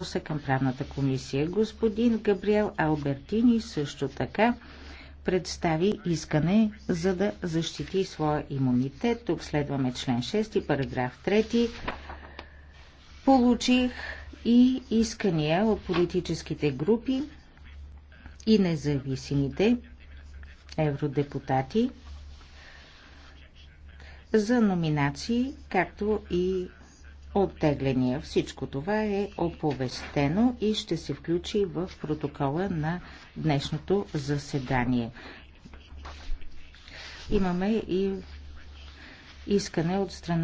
въпроса към правната комисия. Господин Габриел Албертини също така представи искане за да защити своя имунитет. Тук следваме член 6, параграф 3. Получих и искания от политическите групи и независимите евродепутати за номинации, както и оттегления. Всичко това е оповестено и ще се включи в протокола на днешното заседание. Имаме и искане от страна